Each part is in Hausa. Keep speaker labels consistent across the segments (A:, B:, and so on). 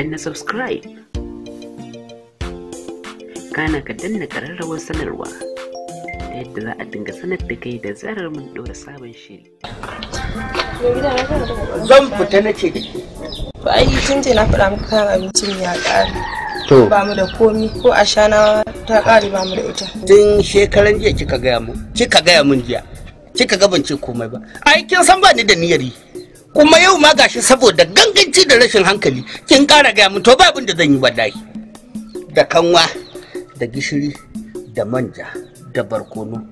A: danna subscribe kana ka danna ƙararrawar sanarwa ta yadda za a dinga sanar da kai da zarar mun ɗora sabon shiri zan fita na ce
B: ba yi tun na faɗa maka kan abincin ya ƙare to ba mu da komi ko a shana ta ƙare ba mu da ita tun shekaran jiya kika gaya mun kika gaya mun jiya kika ga ban ce komai ba ai kin san ba ni da niyyar yi kuma yau ma gashi saboda ganganci da rashin hankali kin ƙara gaya mun to ba abin da zan yi wallahi da kanwa da gishiri da manja da barkono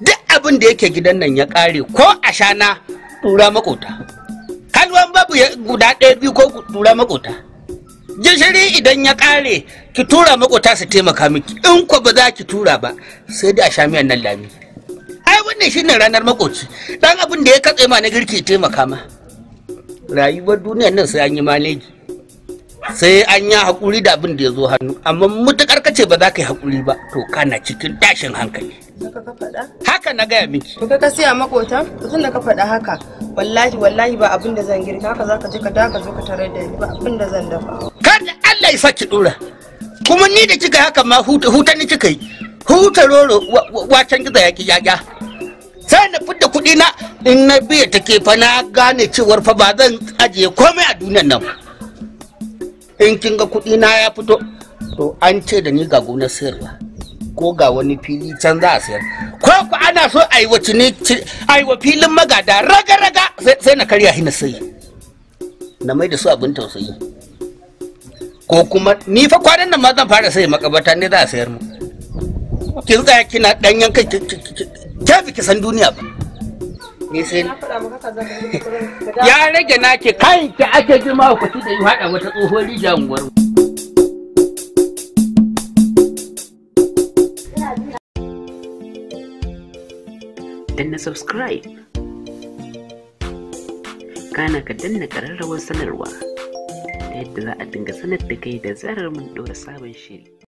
B: duk abin da yake gidan nan ya ƙare ko a shana tura makota kalwan babu guda ɗaya biyu ko tura makota gishiri idan ya ƙare ki tura makota su taimaka miki in ko ba za ki tura ba sai dai a sha miyan nan lami wannan shi shine ranar makoci dan abin da ya katse ma na girke taimaka ma rayuwar duniyar nan sai an yi maleji sai an yi haƙuri da abin da ya zo hannu amma mutukar kace ba za ka yi haƙuri ba to kana cikin tashin hankali haka na gaya miki to ka siya makota tun da ka faɗa haka wallahi wallahi ba abin da zan girka haka za ka je ka da ka zo ka tare da ni ba abin da zan dafa kada Allah ya saki dora kuma ni da kika haka ma huta ni kika yi huta roro wacan gida ya ki ya sai na fidda kuɗi na in na biya take fa na gane cewar fa ba zan ajiye komai a duniyar nan in kin ga kuɗi na ya fito to an ce da ni ga gonar sayarwa ko ga wani fili can za a sayar ko ku ana so a yi wa filin magada raga-raga sai na karya hina sai na mai da su abin tausayi ko kuma ni fa kwanan nan ma zan fara sai makabata ne za a sayar mu kin tsaya kina dan yanka ke ki san duniya ba ya rage nake kayan ki ake ma ku da yi hada wata tsohon rija unguwar
A: danna subscribe kana ka danna kararrawar sanarwa ta yadda za a dinga sanar da kai da zarar mun ɗora sabon shiri